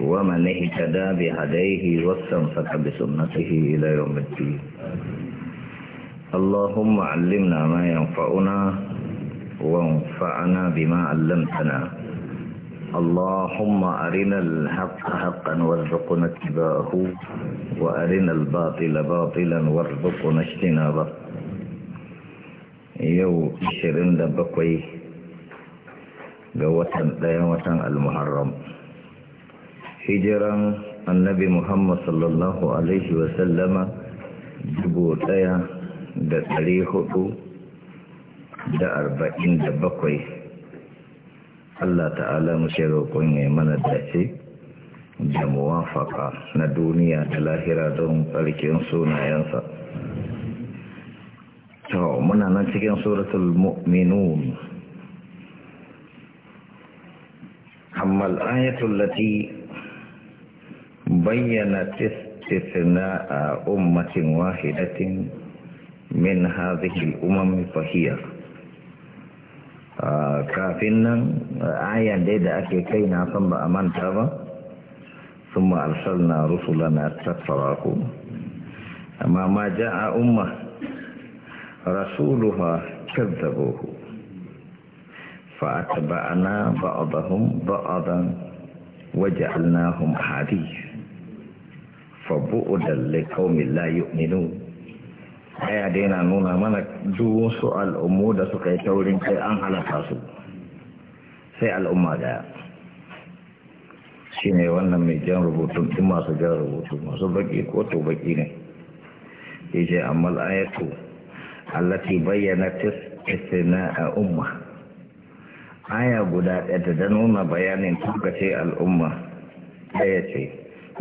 ومن اهتدى بهديه واستنفق بسنته إلى يوم الدين اللهم علمنا ما ينفعنا وانفعنا بما علمتنا اللهم أرنا الحق حقا وارزقنا اتباعه وأرنا الباطل باطلا وارزقنا اجتنابه يو شرين دبكوي قوة ديوة المحرم hijiran annabi Muhammad sallallahu Alaihi wasallama dubu daya da tsari hudu da arba'in da bakwai Allah ta'ala mu roƙon ya mana dace da muwafaka na duniya da lahira don tsarkin sunayensa. To, muna nan cikin suratul mu'minun. Amma al'ayatul lati بينت استثناء أمة واحدة من هذه الأمم فهي آه، كافنا آية ديدا أكيكينا ثم أمان تابا ثم أرسلنا رسلنا تتراكم أما ما جاء أمة رسولها كذبوه فأتبعنا بعضهم بعضا وجعلناهم حديث fabu'udan laikaumin la yu'minu aya dai na nuna mana duwunsu al'ummu da suka yi taurin kai an halaka su sai al'umma daya shi ne wannan mai jan rubutun ɗin masu jan rubutu masu baki ko to baki ne ya ce amma al'ayatu allati bayyana tisina a umma aya guda ɗaya da nuna bayanin tabbace al'umma ɗaya ce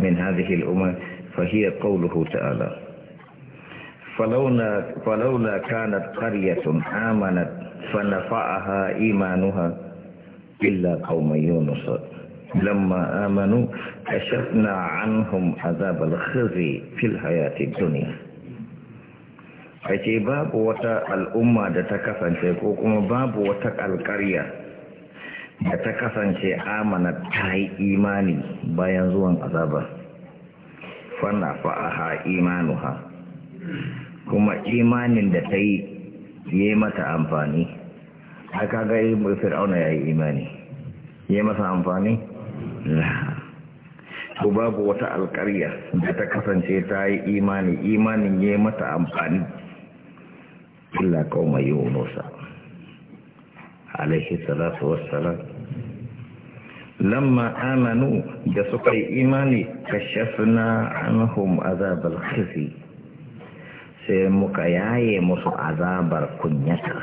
min hadhihi al'umma فهي قوله تعالى فلولا, فلولا كانت قرية آمنت فنفعها إيمانها إلا قوم يونس لما آمنوا كشفنا عنهم عذاب الخزي في الحياة الدنيا ake babu wata al'umma da ta kasance ko kuma babu wata alƙarya da ta kasance amana ta yi imani bayan zuwan azabar fana fa'aha imanuha kuma imanin da ta yi ya yi mata amfani haka ga yi fir'auna ya yi imani ya yi mata amfani to babu wata alkariya da ta kasance ta yi imani imanin ya yi mata amfani illa yi wunosa. alaihi salatu wassalam lamma amanu da suka yi imani kashafna anhum azabal khizi sai muka yaye musu azabar kunyata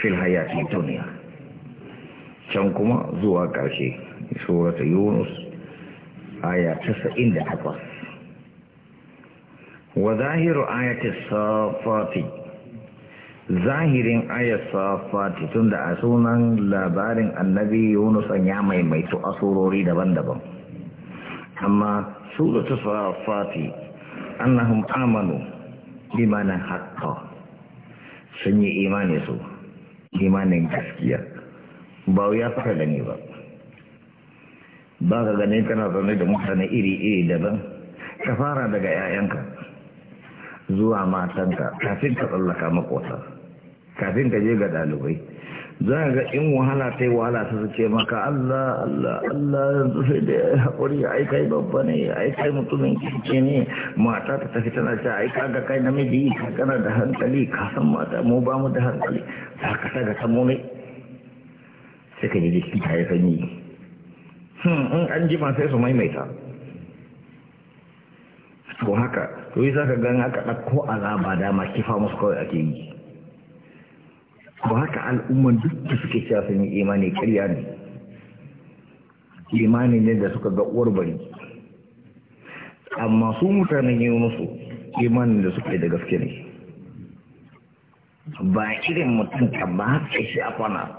fil hayati duniya can kuma zuwa ƙarshe surata yunus aya tasa'in da takwas wa zahiru ayati safati zahirin ayat safati tun da a sunan labarin annabi yunus an ya maimaitu asurori daban-daban أما سورة الصافات أنهم آمنوا بمعنى حقا سني إيمان سو gaskiya كسكيا ya فعلني gani ba ka ganin kana zaune da mutane iri-iri daban ka fara daga 'ya'yanka zuwa matanka kafin ka tsallaka makota kafin ka je ga ɗalibai za ga in wahala ta yi wahala ta suke maka Allah Allah Allah yanzu sai da ya haƙuri ya aikai babba ne ya aikai mutumin kirki ne mata ta tafi tana ta aika ga kai namiji ka kana da hankali ka san mata mu ba mu da hankali za ka ga samu ne sai ka ji jiki ta yi sanyi hmm, in an jima sai su maimaita to haka to yi za ka gan haka ɗauko azaba dama kifa musu kawai ake yi ba haka al'umman duk da suke cewa sun yi imani ƙarya ne imani ne da suka ga uwar bari amma su mutane yi musu imanin da suka da gaske ne ba irin mutum ka ba haka shi a kwana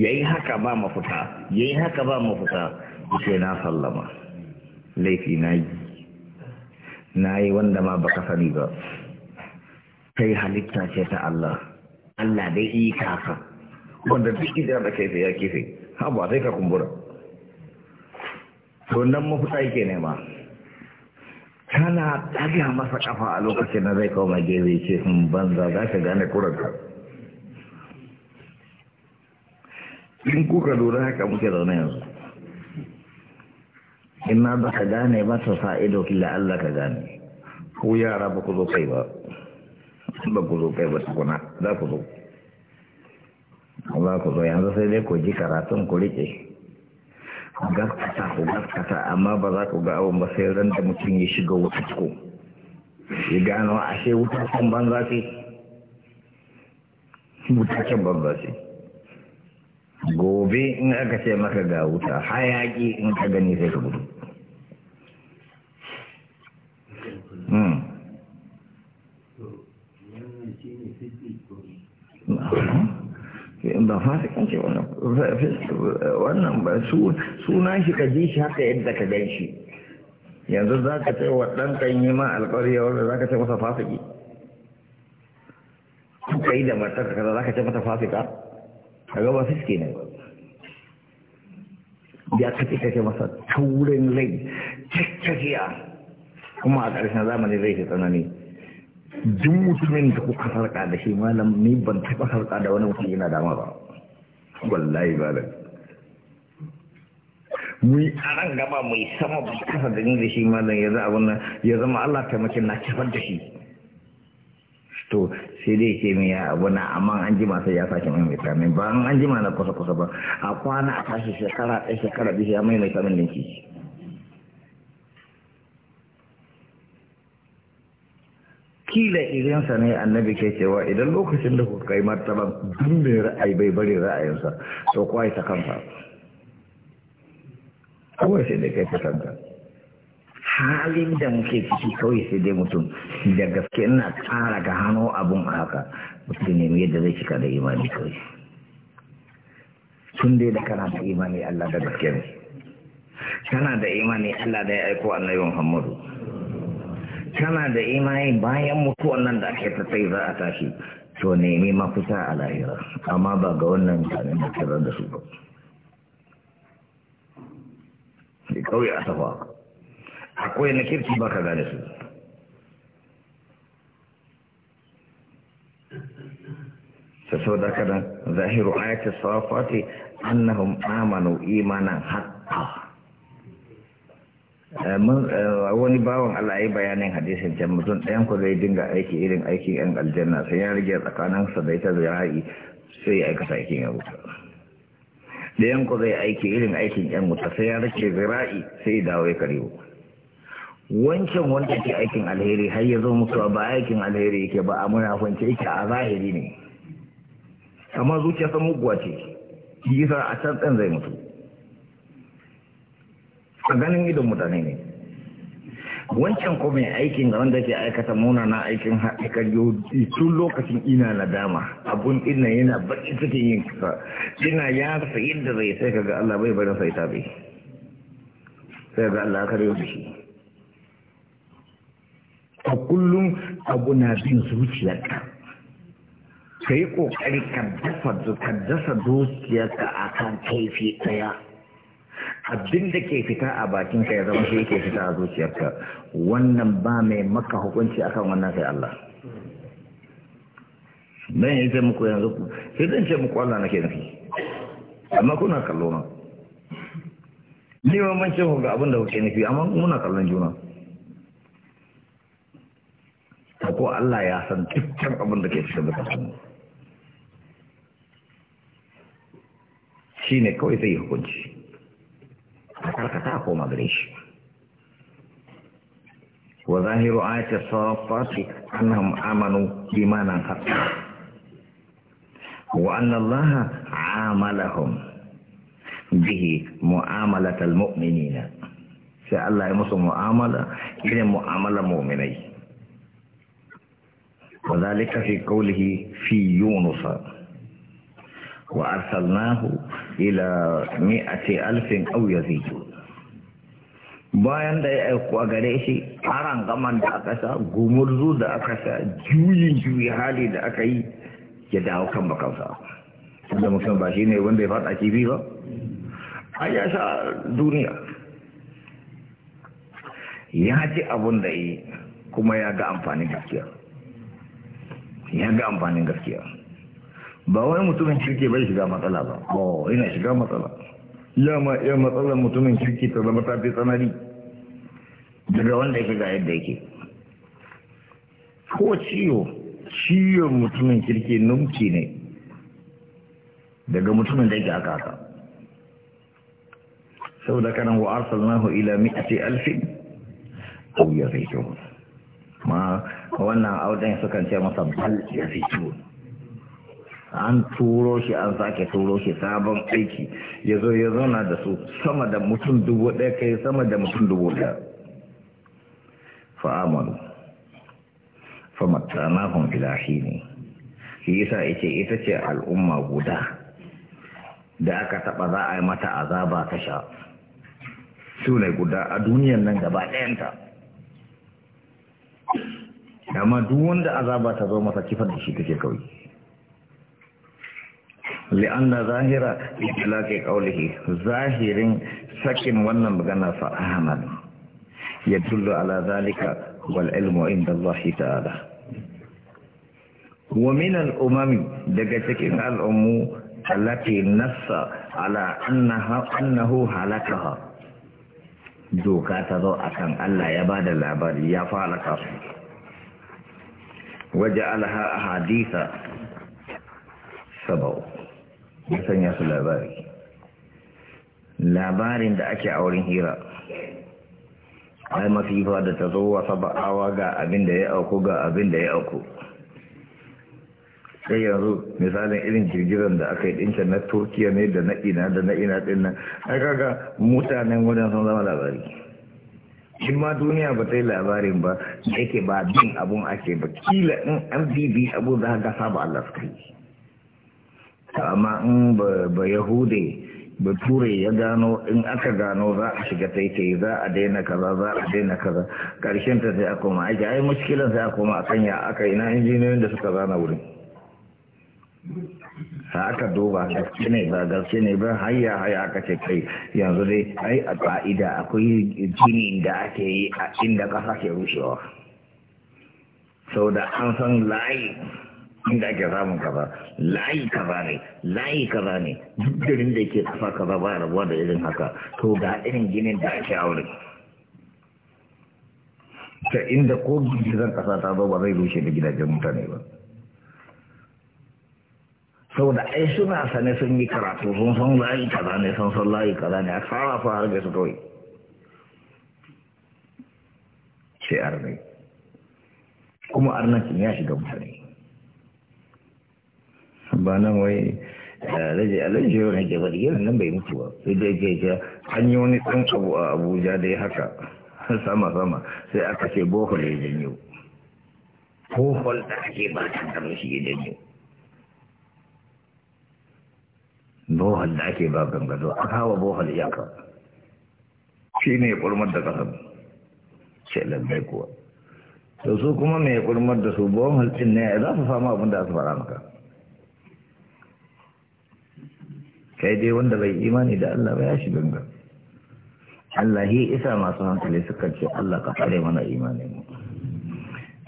ya yi haka ba mafuta ya yi haka ba mafuta ce na sallama laifi na yi na yi wanda ma baka sani ba kai halitta ce ta Allah Allah dai yi kafa. wanda duk idan da kai ya kife ha ba sai ka kumbura to nan mafita yake nema tana ɗaga masa kafa a lokacin da zai koma gefe ce sun hmm, banza za ka gane kuranka in kuka lura haka muke zaune yanzu in ma ba ka gane ba ta sa ido kila Allah ka gane ko yara ba ku zo kai ba ba ku zo kai ba tukuna za ku zo za ku zo yanzu sai dai ku ji karatun ku riƙe gaskata ku gaskata amma ba za ku ga abin ba sai ran da mutum ya shiga wuta ko ya gano ashe wuta can banza ce wuta can banza ce gobe in aka ce maka ga wuta hayaki in ka gani sai ka gudu ba fasikanci wannan ba suna shi ka ji shi haka yadda ka gan shi yanzu za ka ce wa ɗan kan yi ma alƙawari ya wanda za ka ce masa fasiki kuka yi da matar ka za ka ce mata fasika ka ga ba fiske ne ka ce ka ce masa taurin rai kakkafiya kuma a ƙarshen zamani zai fi tsanani duk mutumin da kuka sarka da shi malam ni ban taɓa sarka da wani mutum yana dama ba wallahi ba da mu yi aran gaba mai sama ba kasa da ni da shi malam ya za abin ya zama Allah taimakin na kifar da shi to sai dai ke min ya abu na amma an jima sai ya sake mai min ba an jima na kusa kusa ba a kwana a tashi shekara ɗaya shekara biyu mai maimaita min da shi kila irinsa ne annabi ke cewa idan lokacin da kuka kai martaba, duk mai ra'ayi bai bari ra'ayinsa to kwai ta kanka kawai sai dai kai ta kanta halin da muke ciki kawai sai dai mutum da gaske ina tsara ga hannu abun a haka mutum ne yadda zai cika da imani kawai tun dai da kana da imani Allah da gaske ne kana da imani Allah da ya aiko annabi Muhammadu kana da imani bayan mutuwan nan da ake ta tsaye za a tashi to nemi mafita a lahira amma ba ga wannan tsanin da kirar da su ba da kawai a tafa akwai na kirki ba ka gane su ta sau da kadan zahiru ayatul safati annahum amanu imanan haqqa Eh, eh, wani bawan Allah ya yi bayanin hadisin can mutum ɗayan ku zai dinga aiki irin aikin yan aljanna sai ya rage tsakanin sa da ita zai sai ya aikata aikin yan wuta ɗayan ku zai aiki irin aikin yan wuta sai ya rage ra'ayi sai ya dawo ya karewo wancan wanda ke aikin alheri har ya zo mutuwa ba aikin alheri yake ba a kwanci yake a zahiri ne amma zuciya ta muguwa ce yi a can ɗan zai mutu a ganin idon mutane ne wancan ko mai aikin ga wanda ke aikata na aikin haɗikar yau tun lokacin ina nadama abun ina yana baƙi cikin yin kasa ina ya rasa yadda zai sai ga Allah bai bari sai ta bai sai ga Allah ka da shi a kullum abu na bin zuciyarka ka yi ƙoƙari ka dasa zuciyarka a kan kaifi ɗaya abin da ke fita a bakinka ya zama shi yake fita a zuciyarka wannan ba mai maka hukunci akan wannan sai Allah dan yi sai muku yanzu sai zan ce muku Allah nake nufi amma kuna kallo na ni ma mun ce ga abin da kuke nufi amma muna kallon juna ko Allah ya san dukkan abin da ke cikin zukatan shi ne kawai zai hukunci أتركتاك وما أدريش وظاهر آية الصافات أنهم آمنوا إيمانا حقا وأن الله عاملهم به معاملة المؤمنين الله يمسوا معاملة إلى معاملة مؤمنين وذلك في قوله في يونس وأرسلناه إلى مئة alfin أو يزيد bayan da ya aiko a gare shi haran gaman da aka sa gumurzu da aka sa juyin juyi hali da aka yi ya dawo kan bakansa wanda mutum ba shi ne wanda ya fada kifi ba a ya sha duniya ya ji abun da yi kuma ya ga amfanin gaskiya ya ga amfanin gaskiya ba wai mutumin kirki bai shiga matsala ba ba ina shiga matsala ya ma iya matsalar mutumin kirki ta zama ta fi tsanani daga wanda ya ga yadda yake ko ciwo ciwon mutumin kirki numki ne daga mutumin da yake aka haka saboda kanan wa arsalnahu ila mi'ati alfin aw yaritun ma wannan audan sukan ce masa bal yaritun an turo shi an sake turo shi sabon aiki ya zo ya zauna da su sama da mutum dubu ɗaya kai sama da mutum dubu ɗaya fa'amalu famatanahum filashi ne shi yasa yace ita ce al'umma guda da aka taɓa za a yi mata azaba ta sha su ne guda a duniyan nan gaba ɗayanta amma duk wanda azaba ta zo masa kifar da shi take kawai li'anna zahira itlaqi qawlihi zahirin sakin wannan magana fa ahmad yadullu ala zalika wal ilmu inda Allah ta'ala wa min al umami daga cikin al ummu allati nassa ala annaha annahu halakaha doka ta zo akan Allah ya bada labari ya falaka su waje alaha hadisa sabau ya sanya su labari labarin da ake a wurin hira ai masifa da ta zo wasa ba'awa ga abin da ya auku ga abin da ya auku sai yanzu misalin irin girgiran da aka yi ɗinka na turkiya ne da na ina da na ina din nan ai kaga mutanen wajen sun zama labari in ma duniya ba ta yi labarin ba da yake ba bin abun ake ba kila in an bibi abu za ka saba Allah su yi amma in ba yahude ba ture ya gano in aka gano za a shiga taitaye za a daina kaza za a daina kaza karshen ta sai a koma aiki ai mashikilan sai a koma a kanya aka aka ina injiniyoyin da suka zana wuri sa aka duba gaske ne ba gaske ne ba hayya haya aka ce kai yanzu dai ai a ka'ida akwai gini da ake yi a inda kasa ke rushewa sau da an san layi inda ake samun kaza layi kaza ne layi kaza ne duk garin da ke kafa kaza ba rabuwa da irin haka to ga irin ginin da ake aure ta inda ko gidan kasa ta zo ba zai rushe da gidajen mutane ba saboda ai suna sane sun yi karatu sun san layi kaza ne sun san layi kaza ne a sarrafa har da su kawai sai arnai kuma arnancin ya shiga mutane ba nan wai a laje yau na gaba da nan bai mutu ba sai dai ke ce an yi abu a abuja dai haka sama sama sai aka ce bohol ya janyo bohol da ake ba ta da mashi ya janyo bohol da ake ba gangazo a kawo bohol ka shi ne kurmar da kasar ce lallai kuwa da su kuma mai kurmar da su bohol ɗin ne za su samu abin da su fara maka kai dai wanda bai imani da Allah ba ya shi ganga Allah ya isa masu hankali suka ce Allah ka fare mana imani mu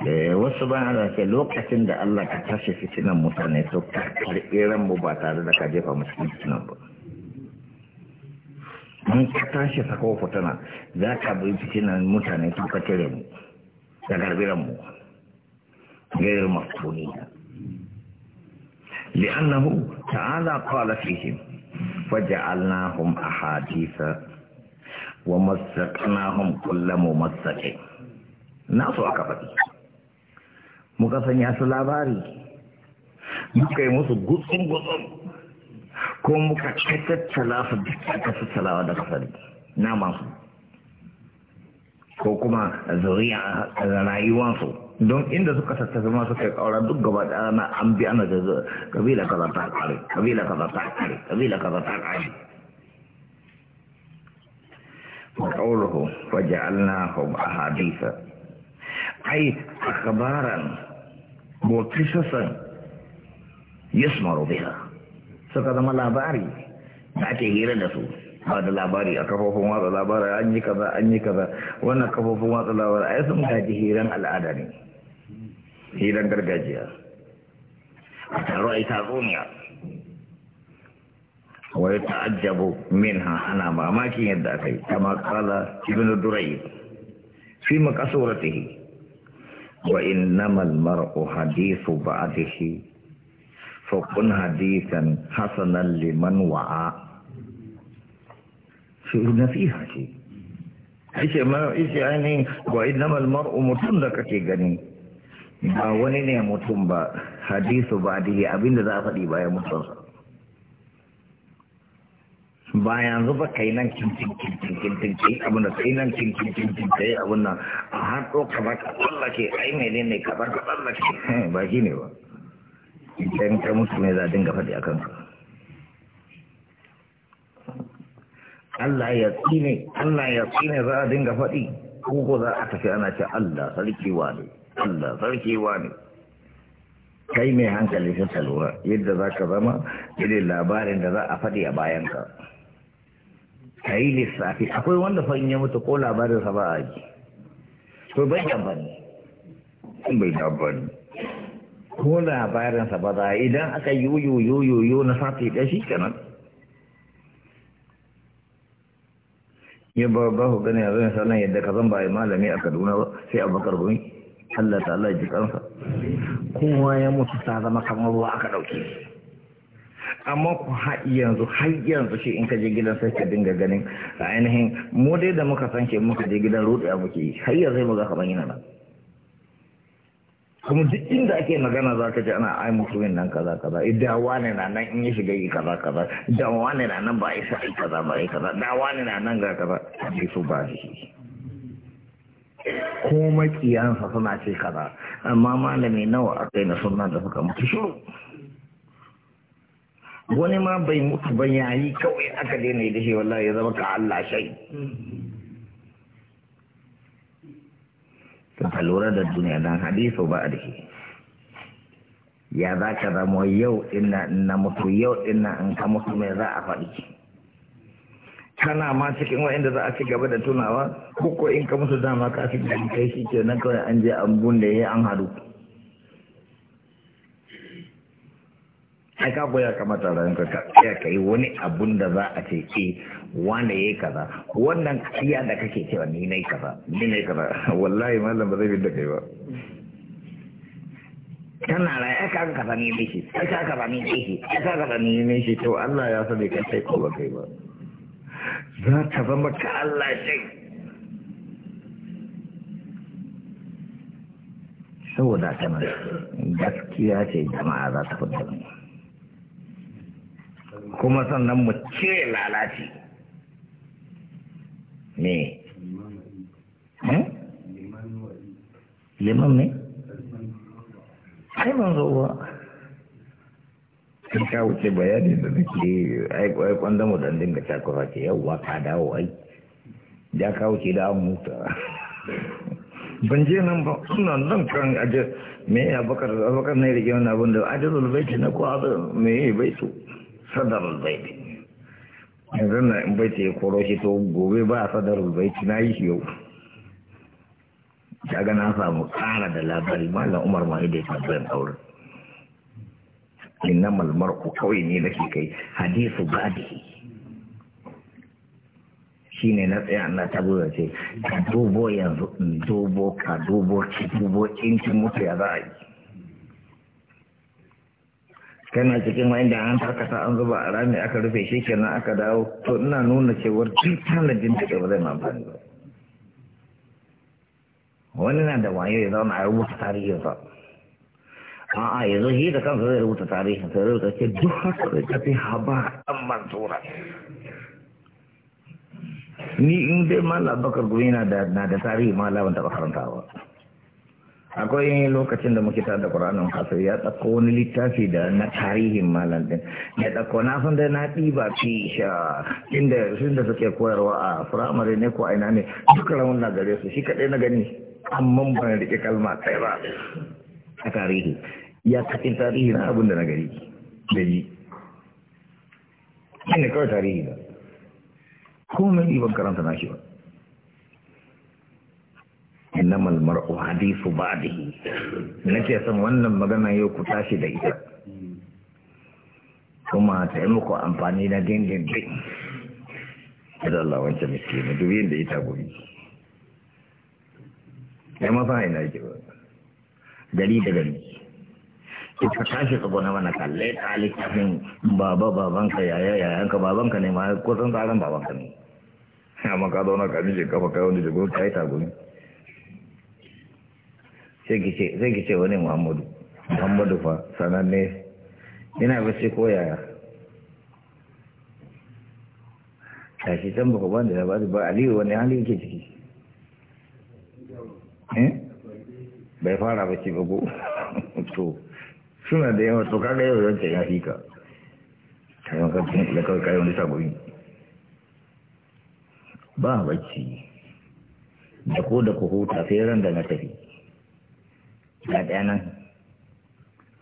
eh, wasu ba ana ce lokacin da Allah ka tashi fitinan mutane to ka ran mu ba tare da ka jefa musu fitinan ba Mun ka tashi sako fitana za ka bi fitinan mutane to ka cire mu da ran mu gairar maftuniya لأنه ta'ala قال فيهم وجعلناهم أحاديث ومسكناهم كل ممسك ناس أكبر مكسن ياسو لاباري مكي موسو قصم قصم ko muka tattala su duk aka tattalawa da kasari namansu ko kuma a rayuwarsu. don inda suka tattafi ma suka yi ƙaura duk gaba da ana an bi ana da kabila kaza ta ƙare kabila kaza ta ƙare kabila kaza ta ƙare wa qawluhu fa ja'alnahum ahaditha ay akhbaran wa qisasan yasmaru biha suka zama labari da ake hira da su ba da labari a kafofin watsa labarai an yi kaza an yi kaza wannan kafofin watsa labarai ai sun gaji hiran al'ada ne hirar gargajiya a taro a yi tatsuniya wai ta'ajjabu minha ana mamakin yadda aka yi kama kala ibn durai fi makasuratihi wa innamal mar'u hadithu ba'dihi fa kun hadithan hasanan liman wa'a shi nasiha ce Ishe ma ishe ainihin wa innamal mar'u mutum da kake gani ba wani ne mutum ba hadisu ba dihi abinda za a faɗi bayan mutuwarsa ba yanzu ba kai nan kintin kintin kintin kai abin da kai nan kintin kintin kai abin nan a har ɗo ka ba ka tsallake ai mai ne ne ka ba ka tsallake ba shi ne ba idan ka mutu ne za a dinga faɗi a kanka Allah ya tsine Allah ya tsine za a dinga faɗi ko za a tafi ana ce Allah sarki wa Allah sarki ne kai mai hankali sai ta yadda za ka zama irin labarin da za a faɗi a bayanka ka yi lissafi akwai wanda fa'in ya mutu ko labarinsa ba a ji ko bai da bane bai da bane ko labarinsa ba za a idan aka yi yoyoyoyo na sati ɗaya shi kenan ya ba ba ku gani zai sanar yadda ka zan ba malami a kaduna ba sai abu gumi Allah ta Allah ji kansa kowa ya mutu ta zama kamar ruwa aka ɗauke amma ku har yanzu har yanzu shi in ka je gidan sai ka dinga ganin a ainihin mu dai da muka san ke muka je gidan rudi a muke har yanzu mu ga kamar yana nan kuma duk inda ake magana za ka ji ana ai yin nan kaza kaza idan eh, wani na nan in ya shiga yi kaza kaza idan wani na nan ba a yi sa'i kaza ba yi kaza idan wani na nan ga kaza a su ba shi ko makiyansa suna ce kaza amma malami nawa aka yi na suna da suka mutu shiru wani ma bai mutu ba yayi kawai aka daina da shi wallahi ya zama ka Allah shai ta lura da duniya dan hadisu ba a da shi ya za ka zama yau ina na mutu yau ina in ka mutu mai za a faɗi kana ma cikin wa'inda za a ci gaba da tunawa ko in ka musu dama ka fi da kai shi ke nan kawai an je an da ya an haɗu ai ka goya kamata ran ka ya kai wani abun da za a ce ke eh, wanda yayi kaza wannan kariya da kake cewa ni nayi kaza ni nayi kaza wallahi mallam ba zai bi da kai ba Kana la ai ka kaza ni ne shi ai kaga kaza ni ne shi ai kaza ni ne shi to Allah ya sabe kai sai ko ba kai ba za ta zama ka Allah shai saboda ta nan gaskiya ce jama'a za ta fita kuma sannan mu ce lalace ne hmm? liman ne? ai manzo ba in ka wuce bayanin da nake ai kwanda mu dan dinga takura ke yawwa ka dawo ai da ka wuce da an mutu ban je nan ba suna nan kan aje me ya bakar bakar ne rige wannan abin da ajrul baiti na ko abin me baitu sadar baiti yanzu na in baiti ya koro shi to gobe ba sadarul baiti na yi shi yau daga na samu kara da labari malam umar ma da ya tabbayar auren innamal mar'u kawai ne ke kai hadisu shi shine na tsaye Allah ta buɗe ce ka dubo yanzu in dubo ka dubo ki dubo in mutu ya za a yi kana cikin inda an tarkata an zuba a rami aka rufe shi kenan aka dawo to ina nuna cewar duk tanadin da ba zai ma amfani ba wani na da wayo ya zauna a rubuta tarihinsa a'a yanzu shi da kansa zai rubuta tarihin sai rubuta ce duk haka da fi haba an mansura ni in dai ma bakar gumi na da na da tarihi malam da karanta ba akwai lokacin da muke da Qur'anin Hafiz ya dauko wani littafi da na tarihin malam din ya dauko na san da na diba fi sha inda sun da suke koyarwa a firamare ne ko aina ne duka rawan na gare su shi kadai na gani amma ban rike kalma kai ba a tarihi ya kaɗin tarihi na abin da na gari da yi shi ne kawai tarihi ba kuma mai ban karanta na shi ba ba almar'u hadithu Na ce san wannan magana yau ku tashi da ita kuma ta yi muku amfani na dindin din da Allah wancan miskini duk yin da ita gobe ya ma fa ina ji ba gari da gari to ka tashi ka gona mana kalle ta littafin baba babanka yaya ka babanka ne ma san tsarin babanka ne amma ka zauna ka mishi kafa kai wani jigo ka yi tagumi sai ki ce wani muhammadu muhammadu fa sananne yana sai ko yaya shi can baka ban da ba aliyu wani hali yake ciki eh? bai fara bacci ba ko to suna da yawa to kaga yau yanke ya fi ka kayan kafin da kawai kayan wani sabobi ba bacci da ko da ku huta sai ran da na tafi ga ɗaya nan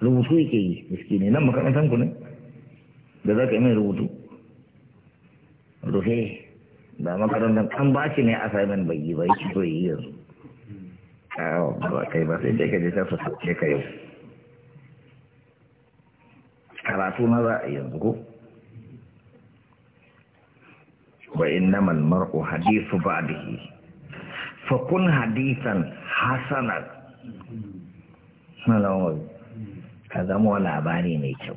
rubutu yake yi miski ne nan makarantar ku ne da za ka yi mai rubutu rufe da makarantar an ba shi ne assignment bai yi ba yi so yi yanzu a ba kai ba sai dai ka je ta su ka yau karatu na za a yanzu ko wa innamal mar'u hadithu ba'dihi fa kun hadithan hasanan sallallahu ka zama labari mai kyau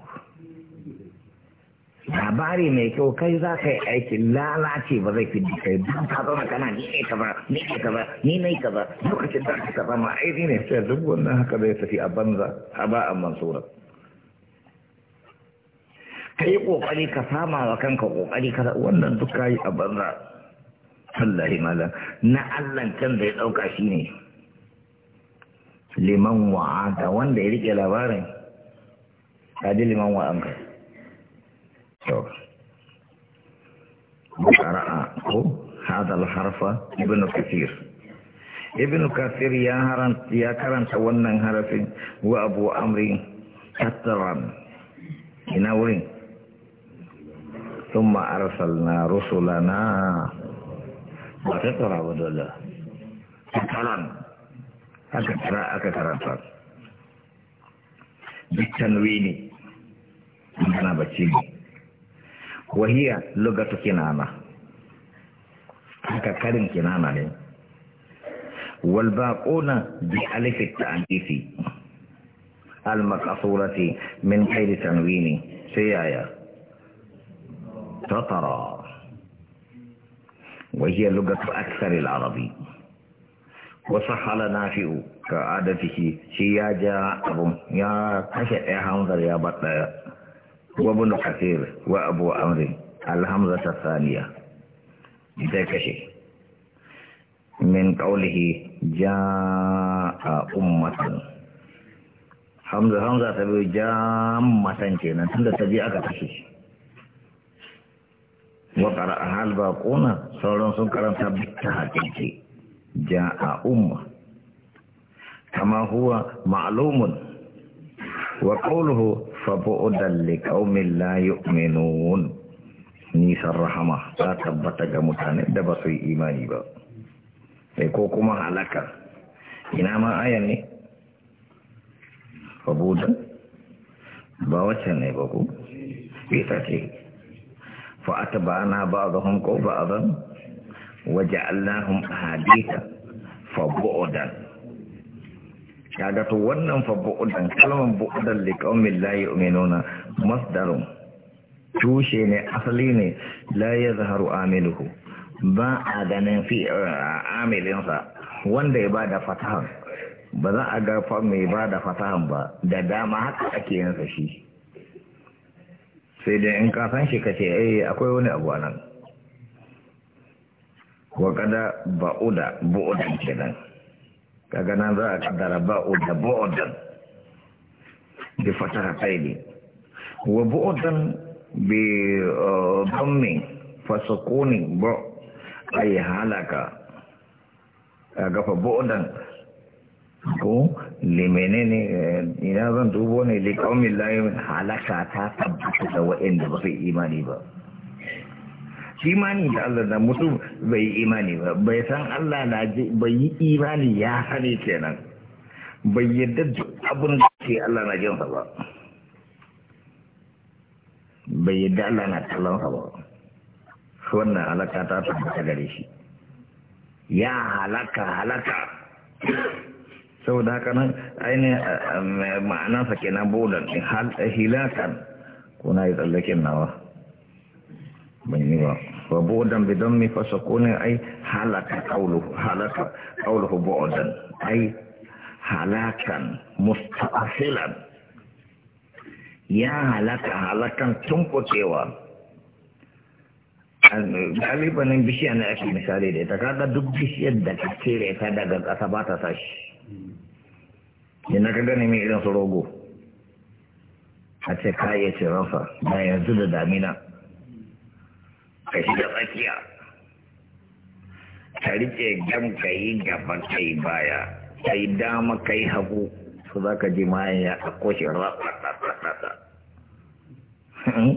labari mai kyau kai za ka yi aikin lalace ba zai fiddi kai ba ka na kana ni ne ka ba ni ne ka ba ni ne ka ba lokacin da ka ma aini ne sai duk wannan haka zai tafi a banza a ba a mansura ka yi ƙoƙari ka fama wa kanka ƙoƙari ka wannan duk ka yi a banza Allah malam na Allah can da ya ɗauka shi ne liman wa'ada wanda ya riƙe labarin ta ji liman wa'an ka to ƙara'a ko hadal harfa ibn kafir ibn kafir ya haranta ya karanta wannan harafin wa abu amri kataran ina wurin ثم أرسلنا رسلنا وتقرأ ودولة تقرأ أكثر أكثر أكثر بالتنوين أنا بتشيني وهي لغة كنانة هكا كلمة كنانة والباقون بألف التأنيث المقصورة من غير تنوين سيايا تترى وهي لغة أكثر العربي وصح نافع كعادته سياجة أبو يا كشف يا حمزة يا بطل وابن كثير وأبو أمر الهمزة الثانية ذلك شيء من قوله جاء أمة حمزة حمزة تبي جامة كنا تند تبي أكثر wa a hal kuna sauran sun karanta ta hakiki a umma kama huwa ma'alumun wa qawluhu fa bu'dan li qaumin nisan rahama ta tabbata ga mutane da ba su yi imani ba sai ko kuma halaka ina ma ayan ne fa ba wacce ne ba ku ita ce فأتبعنا بعضهم قو بعضا وجعلناهم أحاديثا فبعدا كادت ونن فبعدا كلمة بعدا لقوم لا يؤمنون مصدر توشيني أصليني لا يظهر آمله ba a في fi amilinsa wanda ya ba da fatahan ba za a ga mai ba da fatahan ba da dama haka ake yinsa shi sai dai in ka san shi ka ce eh akwai wani abu a nan wa kada ba'uda bu'udan kenan kaga nan za a kaddara ba'uda bu'udan bi fatara kaini wa bu'udan bi uh, dhammi fasukuni bu ay halaka kaga fa bu'udan ko limene ne eh, ina zan dubo ne liƙaumin layin halaka ta tabbata da waɗanda ba su imani ba imani da Allah da mutum bai imani ba bai san Allah na bai yi imani ya sani kenan bai yadda duk abin da ke Allah na jinsa ba bai yadda Allah na kallonsa ba wannan halaka ta tabbata gare shi ya halaka halaka saboda haka nan ainihin eh, eh, ma'anansa kenan bodan din eh, hilakan ko na yi tsallakin nawa ban yi ba wa bodan bidon mi fasa kone ai halaka halaka kauluhu bodan ai halakan musta'asilan ya halaka halakan tumkucewa galibanin bishiya na ake misali da ita kada duk bishiyar da ka cire ta daga ƙasa ba ta tashi yana ka gani mai irin su rogo a ce ka iya ce rafa na yanzu da damina ka shiga tsakiya ka rike gam ka yi gaba ka yi baya ka yi dama ka yi hagu su za ka ji mayan ya ɗauko shi rafa hmm?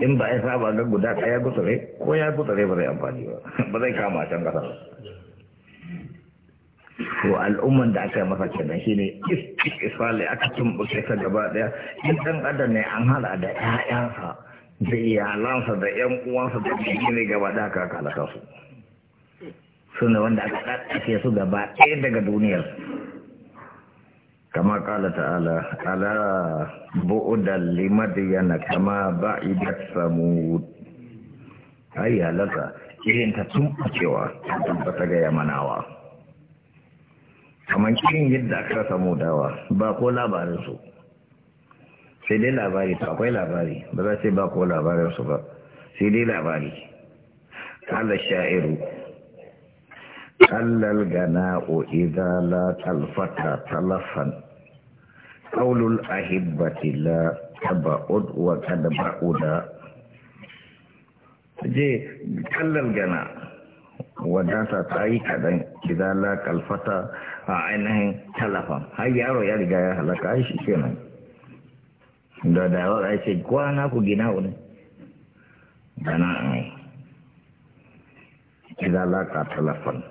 in ba ya saba ga guda ɗaya gutsure ko ya gutsure ba zai amfani ba ba zai kama can ƙasa ba to al'umman da aka yi masa kenan shi ne isfali aka tumbuke ta gaba daya in dan adam ne an hada da ƴaƴansa da iyalansa da ƴan uwansa da ne gaba da aka kalaka su su ne wanda aka ɗaɗɗake su gaba ɗaya daga duniyar kama ƙala ta'ala ala bu'udan limadiyana kama ba'idat samud ai halaka irin ta tumɓacewa ta tabbata ga yamanawa kamar kirin yadda aka samu dawa ba ko labarinsu sai dai labari to akwai labari ba za sai ba ko labarinsu ba sai dai labari kala sha'iru kallal gana idza la talfata talafan kaulul ahibbati la taba wa kada ba'uda je kallal gana. wadata ta yi kaɗan idan la kalfata a ainihin talafa har yaro ya riga ya halaka ai shi nan. da dawa a ce kwana ku gina wani gana ai idan la ka talafan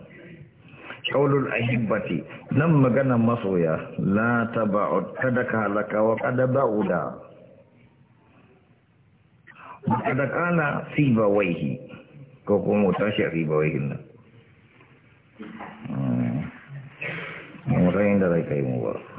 yi ahibbati nan magana masoya la taba'ud kada ka halaka wa kada ba'uda kada kana fi bawaihi ko kuma mu tashi a riba wai hinna hmm. mu da zai kai mu ba